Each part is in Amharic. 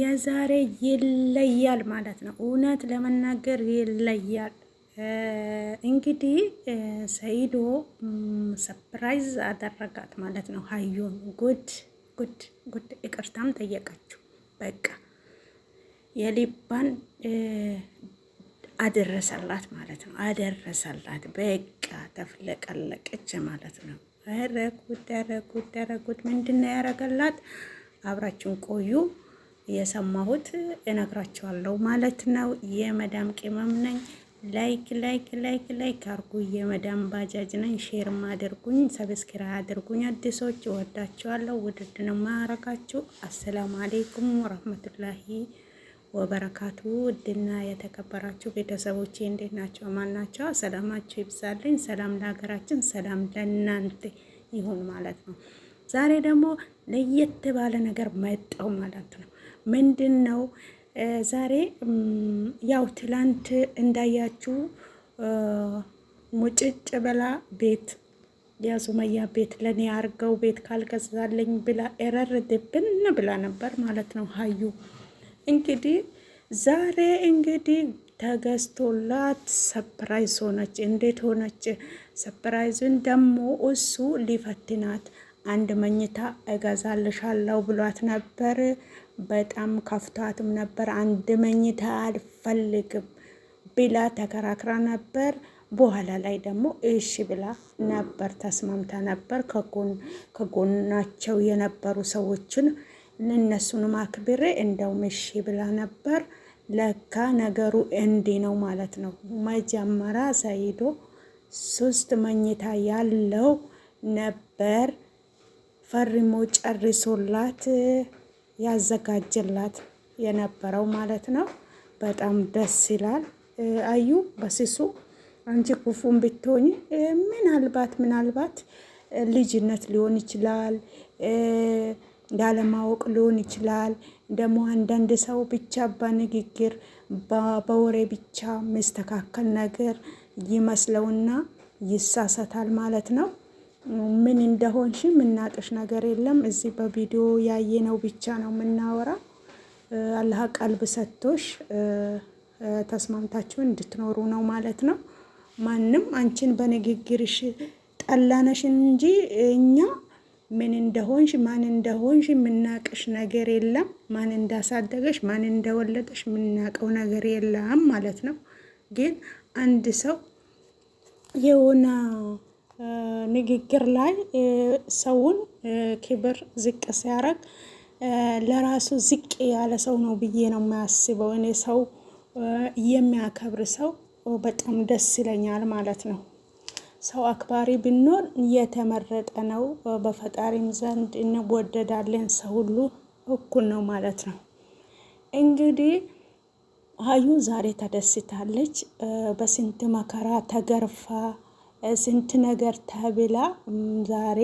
የዛሬ ይለያል ማለት ነው። እውነት ለመናገር ይለያል። እንግዲህ ሰይዶ ሰፕራይዝ አደረጋት ማለት ነው። ሀዩን ጉድ ጉድ ጉድ ይቅርታም ጠየቀችው። በቃ የሊባን አደረሰላት ማለት ነው። አደረሰላት በቃ ተፍለቀለቀች ማለት ነው። ረጉድ ረጉድ ረጉድ። ጉድ ምንድን ነው ያደረገላት? አብራችን ቆዩ። የሰማሁት እነግራቸዋለሁ ማለት ነው። የመዳም ቅመም ነኝ። ላይክ ላይክ ላይክ ላይክ አርጉ። የመዳም ባጃጅ ነኝ። ሼርም አድርጉኝ፣ ሰብስክራ አድርጉኝ። አዲሶች ወዳችኋለሁ። ውድድ ማረጋችሁ። አሰላሙ አሌይኩም ወረህመቱላሂ ወበረካቱ። ውድና የተከበራችሁ ቤተሰቦቼ እንዴት ናቸው? ማን ናቸው? ሰላማችሁ ይብዛልኝ። ሰላም ለሀገራችን፣ ሰላም ለእናንተ ይሁን ማለት ነው። ዛሬ ደግሞ ለየት ባለ ነገር መጣው ማለት ነው። ምንድን ነው ዛሬ ያው ትላንት እንዳያችሁ ሙጭጭ ብላ ቤት የሱመያ ቤት ለእኔ አርገው ቤት ካልገዛለኝ ብላ ኤረር ድብን ብላ ነበር ማለት ነው ሀዩ። እንግዲህ ዛሬ እንግዲህ ተገዝቶላት ሰፕራይዝ ሆነች። እንዴት ሆነች? ሰፕራይዙን ደግሞ እሱ ሊፈትናት አንድ መኝታ እገዛልሻለሁ ብሏት ነበር። በጣም ከፍቷትም ነበር። አንድ መኝታ አልፈልግም ብላ ተከራክራ ነበር። በኋላ ላይ ደግሞ እሺ ብላ ነበር ተስማምታ ነበር። ከጎናቸው የነበሩ ሰዎችን እነሱንም አክብሬ እንደውም እሺ ብላ ነበር። ለካ ነገሩ እንዲ ነው ማለት ነው። መጀመሪያ ሰይዶ ሶስት መኝታ ያለው ነበር ፈርሞ ጨርሶላት ያዘጋጀላት የነበረው ማለት ነው። በጣም ደስ ይላል። አዩ በስሱ አንቺ ክፉን ብትሆኝ ምናልባት ምናልባት ልጅነት ሊሆን ይችላል፣ ያለማወቅ ሊሆን ይችላል። ደግሞ አንዳንድ ሰው ብቻ በንግግር በወሬ ብቻ መስተካከል ነገር ይመስለውና ይሳሰታል ማለት ነው። ምን እንደሆንሽ የምናቅሽ ነገር የለም። እዚህ በቪዲዮ ያየነው ብቻ ነው የምናወራ። አላህ ቀልብ ሰጥቶሽ ተስማምታችሁ እንድትኖሩ ነው ማለት ነው። ማንም አንቺን በንግግርሽ ጠላነሽ እንጂ እኛ ምን እንደሆንሽ ማን እንደሆንሽ የምናቅሽ ነገር የለም። ማን እንዳሳደገሽ ማን እንደወለደሽ የምናቀው ነገር የለም ማለት ነው። ግን አንድ ሰው የሆነ ንግግር ላይ ሰውን ክብር ዝቅ ሲያደርግ ለራሱ ዝቅ ያለ ሰው ነው ብዬ ነው የማያስበው። እኔ ሰው የሚያከብር ሰው በጣም ደስ ይለኛል ማለት ነው። ሰው አክባሪ ብንሆን እየተመረጠ ነው። በፈጣሪም ዘንድ እንወደዳለን። ሰው ሁሉ እኩል ነው ማለት ነው። እንግዲህ ሀዩ ዛሬ ተደስታለች። በስንት መከራ ተገርፋ ስንት ነገር ተብላ ዛሬ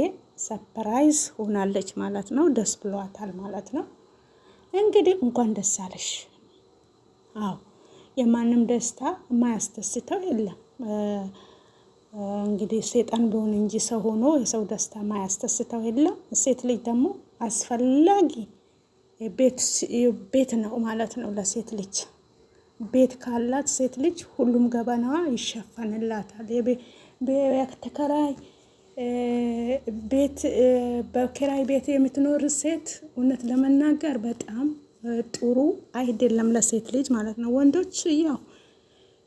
ሰፕራይዝ ሆናለች ማለት ነው። ደስ ብሏታል ማለት ነው። እንግዲህ እንኳን ደስ አለሽ። አዎ የማንም ደስታ የማያስደስተው የለም። እንግዲህ ሴጣን ቢሆን እንጂ ሰው ሆኖ የሰው ደስታ ማያስደስተው የለም። ሴት ልጅ ደግሞ አስፈላጊ ቤት ነው ማለት ነው። ለሴት ልጅ ቤት ካላት ሴት ልጅ ሁሉም ገበናዋ ይሸፈንላታል። ተከራይ ቤት በኪራይ ቤት የምትኖር ሴት እውነት ለመናገር በጣም ጥሩ አይደለም፣ ለሴት ልጅ ማለት ነው። ወንዶች ያው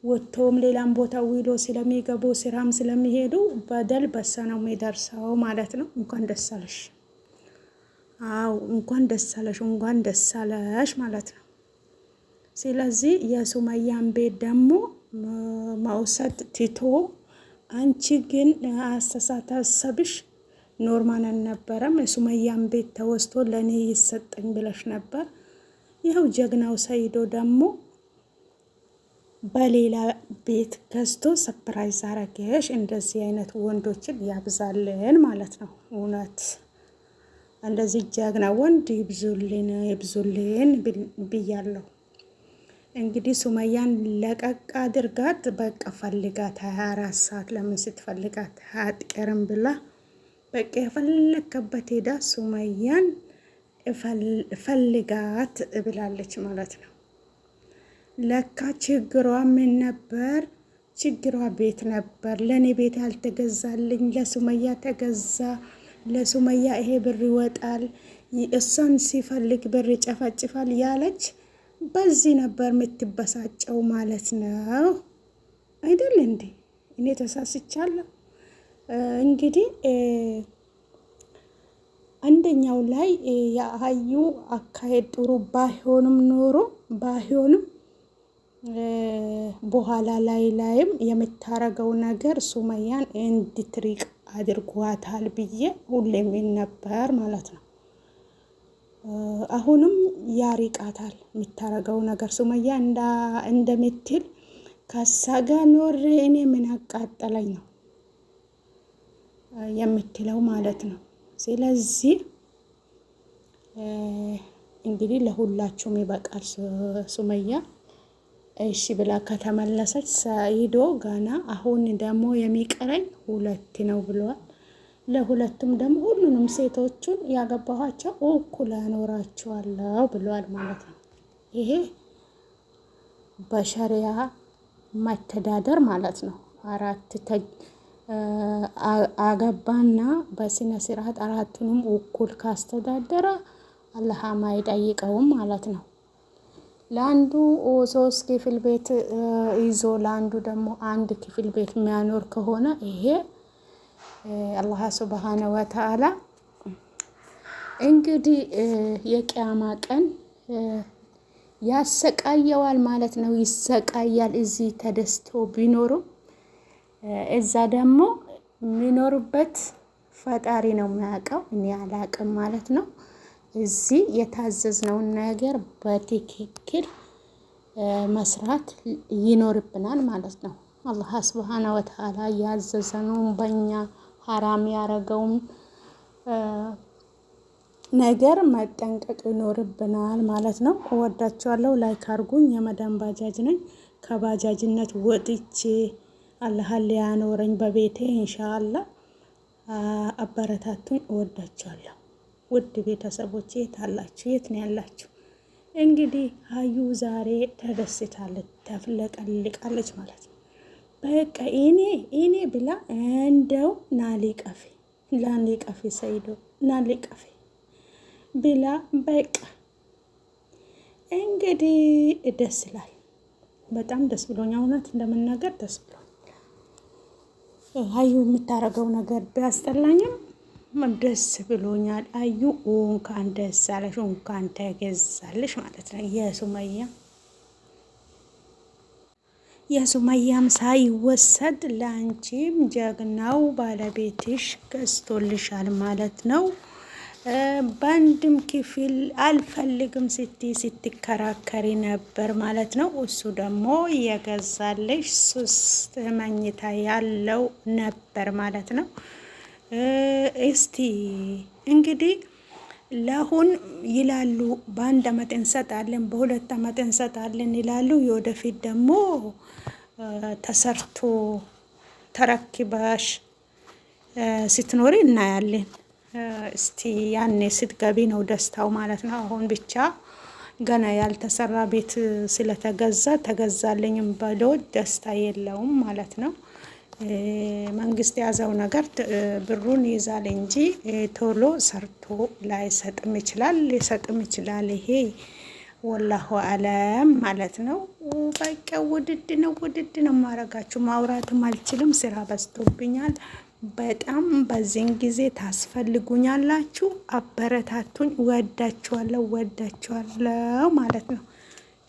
ወጥቶም ሌላም ቦታ ውሎ ስለሚገቡ ስራም ስለሚሄዱ በደል በሳ ነው የሚደርሰው ማለት ነው። እንኳን ደስ አለሽ፣ አው እንኳን ደስ አለሽ፣ እንኳን ደስ አለሽ ማለት ነው። ስለዚህ የሱመያን ቤት ደግሞ መውሰድ ትቶ አንቺ ግን አስተሳሰብሽ ኖርማን አልነበረም። የሱመያን ቤት ተወስቶ ለእኔ ይሰጠኝ ብለሽ ነበር። ይኸው ጀግናው ሰይዶ ደግሞ በሌላ ቤት ገዝቶ ሰፕራይዝ አረገሽ። እንደዚህ አይነት ወንዶችን ያብዛልን ማለት ነው። እውነት እንደዚህ ጀግና ወንድ ይብዙልን ይብዙልን ብያለሁ። እንግዲህ ሱመያን ለቀቅ አድርጋት፣ በቃ ፈልጋት፣ ሀያ አራት ሰዓት ለምን ስትፈልጋት አትቀርም ብላ በቃ የፈለከበት ሄዳ ሱመያን ፈልጋት ብላለች ማለት ነው። ለካ ችግሯ ምን ነበር? ችግሯ ቤት ነበር። ለእኔ ቤት ያልተገዛልኝ ለሱመያ ተገዛ። ለሱመያ ይሄ ብር ይወጣል፣ እሷን ሲፈልግ ብር ይጨፈጭፋል ያለች በዚህ ነበር የምትበሳጨው ማለት ነው አይደል እንዴ? እኔ ተሳስቻለሁ። እንግዲህ አንደኛው ላይ የአዩ አካሄድ ጥሩ ባይሆንም ኖሮ ባይሆንም በኋላ ላይ ላይም የምታረገው ነገር ሱመያን እንድትሪቅ አድርጓታል ብዬ ሁሌም ነበር ማለት ነው። አሁንም ያሪቃታል የምታረገው ነገር ሱመያ እንደምትል ከሳጋ ኖር እኔ ምን አቃጠለኝ ነው የምትለው ማለት ነው። ስለዚህ እንግዲህ ለሁላችሁም ይበቃል። ሱመያ እሺ ብላ ከተመለሰች ሰኢዶ ገና አሁን ደግሞ የሚቀረኝ ሁለት ነው ብሏል። ለሁለቱም ደግሞ ሁሉንም ሴቶቹን ያገባኋቸው እኩል አኖራቸዋለሁ ብለዋል ማለት ነው። ይሄ በሸሪያ መተዳደር ማለት ነው። አራት አገባና በስነ ስርዓት አራቱንም እኩል ካስተዳደረ አላህ አይጠይቀውም ማለት ነው። ለአንዱ ሶስት ክፍል ቤት ይዞ ለአንዱ ደግሞ አንድ ክፍል ቤት የሚያኖር ከሆነ ይሄ አላህ ሱብሃነ ወተዓላ እንግዲህ የቅያማ ቀን ያሰቃየዋል ማለት ነው። ይሰቃያል። እዚህ ተደስቶ ቢኖርም እዛ ደግሞ የሚኖርበት ፈጣሪ ነው የሚያውቀው፣ እኔ አላውቅም ማለት ነው። እዚህ የታዘዝነውን ነገር በትክክል መስራት ይኖርብናል ማለት ነው። አላህ ስብሃነ ወተዓላ ያዘዘነውን በኛ። ሀራም ያደረገውን ነገር መጠንቀቅ ይኖርብናል ማለት ነው። እወዳችኋለሁ። ላይክ አርጉኝ። የመዳን ባጃጅ ነኝ። ከባጃጅነት ወጥቼ አላህ ያኖረኝ በቤቴ እንሻአላ አበረታቱኝ። እወዳችኋለሁ። ውድ ቤተሰቦች የት አላችሁ? የት ነው ያላችሁ? እንግዲህ ሀዩ ዛሬ ተደስታለች፣ ተፍለቀልቃለች ማለት ነው። በቃ እኔ እኔ ብላ እንደው ናሌ ቀፌ ናሌ ቀፌ ሰይዶ ናሌ ቀፌ ብላ በቃ እንግዲህ ደስ ይላል። በጣም ደስ ብሎኛ እውነት እንደምናገር ደስ ብሎ አዩ የምታረገው ነገር ቢያስጠላኝም ደስ ብሎኛል። አዩ እንኳን ደስ አለሽ፣ እንኳን ተገዛልሽ ማለት ነው የሱመያ የሱመያም ሳይወሰድ ለአንቺም ጀግናው ባለቤትሽ ገዝቶልሻል ማለት ነው። በአንድም ክፍል አልፈልግም ስቲ ስትከራከሪ ነበር ማለት ነው። እሱ ደግሞ የገዛልሽ ሶስት መኝታ ያለው ነበር ማለት ነው። እስቲ እንግዲህ ለሁን ይላሉ በአንድ አመት እንሰጣለን፣ በሁለት አመት እንሰጣለን ይላሉ። የወደፊት ደግሞ ተሰርቶ ተረክባሽ ስትኖሪ እናያለን። እስቲ ያኔ ስትገቢ ነው ደስታው ማለት ነው። አሁን ብቻ ገና ያልተሰራ ቤት ስለተገዛ ተገዛልኝም ብሎ ደስታ የለውም ማለት ነው። መንግስት የያዘው ነገር ብሩን ይይዛል እንጂ ቶሎ ሰርቶ ላይሰጥም ይችላል፣ ሊሰጥም ይችላል። ይሄ ወላሁ አለም ማለት ነው። በቃ ውድድ ነው፣ ውድድ ነው ማረጋችሁ። ማውራትም አልችልም፣ ስራ በዝቶብኛል በጣም። በዚህን ጊዜ ታስፈልጉኛላችሁ። አበረታቱኝ። ወዳችኋለሁ፣ ወዳችኋለሁ ማለት ነው።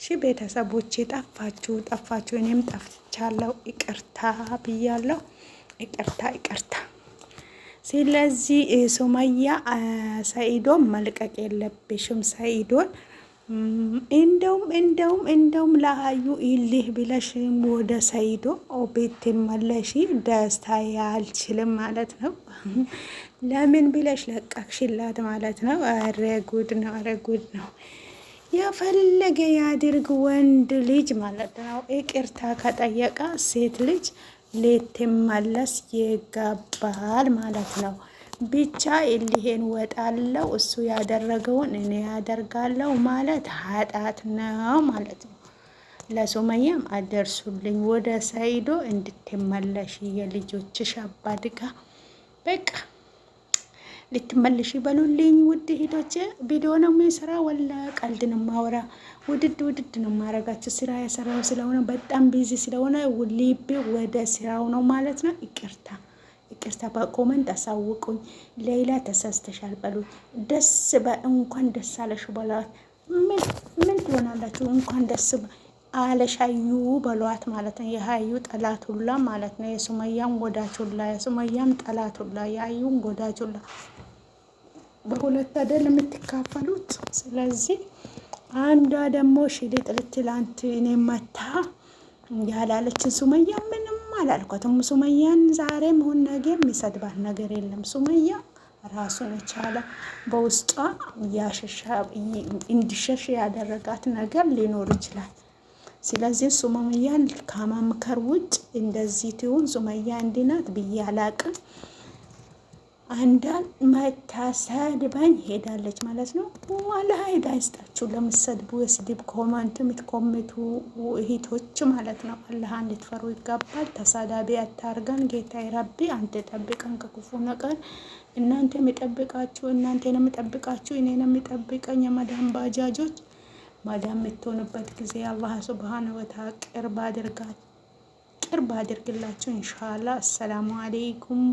ሺ ቤተሰቦቼ ጠፋችሁ ጠፋችሁ፣ እኔም ጠፍቻለሁ። ይቅርታ ብያለሁ። ይቅርታ ይቅርታ። ስለዚህ ሱመያ ሰኢዶን መልቀቅ የለብሽም። ሰኢዶን እንደውም እንደውም እንደውም ለሀዩ ይልህ ብለሽ ወደ ሰኢዶ ቤት ብትመለሺ ደስታ ያልችልም ማለት ነው። ለምን ብለሽ ለቀቅሽላት ማለት ነው። ኧረ ጉድ ነው! ኧረ ጉድ ነው! የፈለገ ያድርግ ወንድ ልጅ ማለት ነው። ይቅርታ ከጠየቀ ሴት ልጅ ልትመለስ ይገባል ማለት ነው። ብቻ እልሄን ወጣለው እሱ ያደረገውን እኔ ያደርጋለው ማለት ኃጢአት ነው ማለት ነው። ለሱመያም አደርሱልኝ ወደ ሳይዶ እንድትመለሽ የልጆችሽ አባት በቃ ልትመልሽ በሉልኝ። ውድ ሂዶች ቪዲዮ ነው የሚሰራ ወላ ቀልድ ነው ማወራ። ውድድ ውድድ ነው ማረጋቸው ስራ የሰራው ስለሆነ በጣም ቢዚ ስለሆነ ልቤ ወደ ስራው ነው ማለት ነው። ይቅርታ ይቅርታ በኮመንት አሳውቁኝ። ሌላ ተሳስተሻል በሉኝ። ደስ እንኳን ደስ አለሽ በሏት። ምን ትሆናላችሁ? እንኳን ደስ አለሽ በሏት ማለት ነው። የሀዩ ጠላት ሁላ ማለት ነው። የሱመያም ወዳጅ ሁላ፣ የሱመያም ጠላት ሁላ፣ የሀዩም ወዳጅ ሁላ በሁለት አይደል የምትካፈሉት። ስለዚህ አንዷ ደግሞ ሽልጥ ልትላንት እኔ መታ ያላለችን ሱመያ ምንም አላልኳትም። ሱመያን ዛሬም ሁን ነገ የሚሰድባት ነገር የለም። ሱመያ ራሱን የቻለ በውስጧ እንዲሸሽ ያደረጋት ነገር ሊኖር ይችላል። ስለዚህ ሱመያን ከማምከር ውጭ እንደዚህ ትሁን ሱመያ እንዲናት ብዬ አላቅም። አንዳን መታሰድባኝ ሄዳለች ማለት ነው። ዋላ ሄድ አይስጣችሁ ለምሰድቡ የስድብ ኮመንት የምትኮምቱ እህቶች ማለት ነው። አላህ እንድትፈሩ ይገባል። ተሳዳቢ አታርገን። ጌታ ይረቢ። አንተ ጠብቀን ከክፉ ነቀን። እናንተ የሚጠብቃችሁ እናንተ ነው የሚጠብቃችሁ፣ እኔ ነው የሚጠብቀኝ። የመዳን ባጃጆች ማዳም የምትሆንበት ጊዜ አላህ ሱብሃነ ወታ ቅርብ አድርጋችሁ ቅርብ አድርግላችሁ። ኢንሻአላህ። አሰላሙ አሌይኩም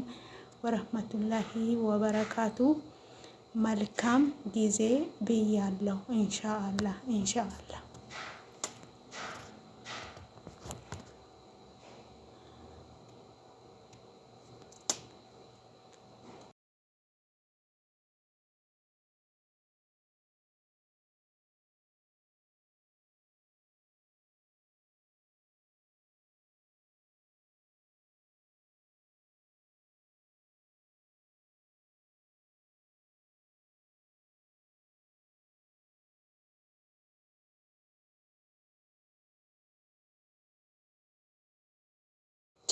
ወረህመቱላሂ ወበረካቱ። መልካም ጊዜ ብያለሁ። ኢንሻአላህ ኢንሻአላህ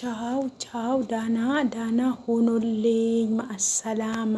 ቻው ቻው። ዳና ዳና ሆኖልኝ ማሰላማ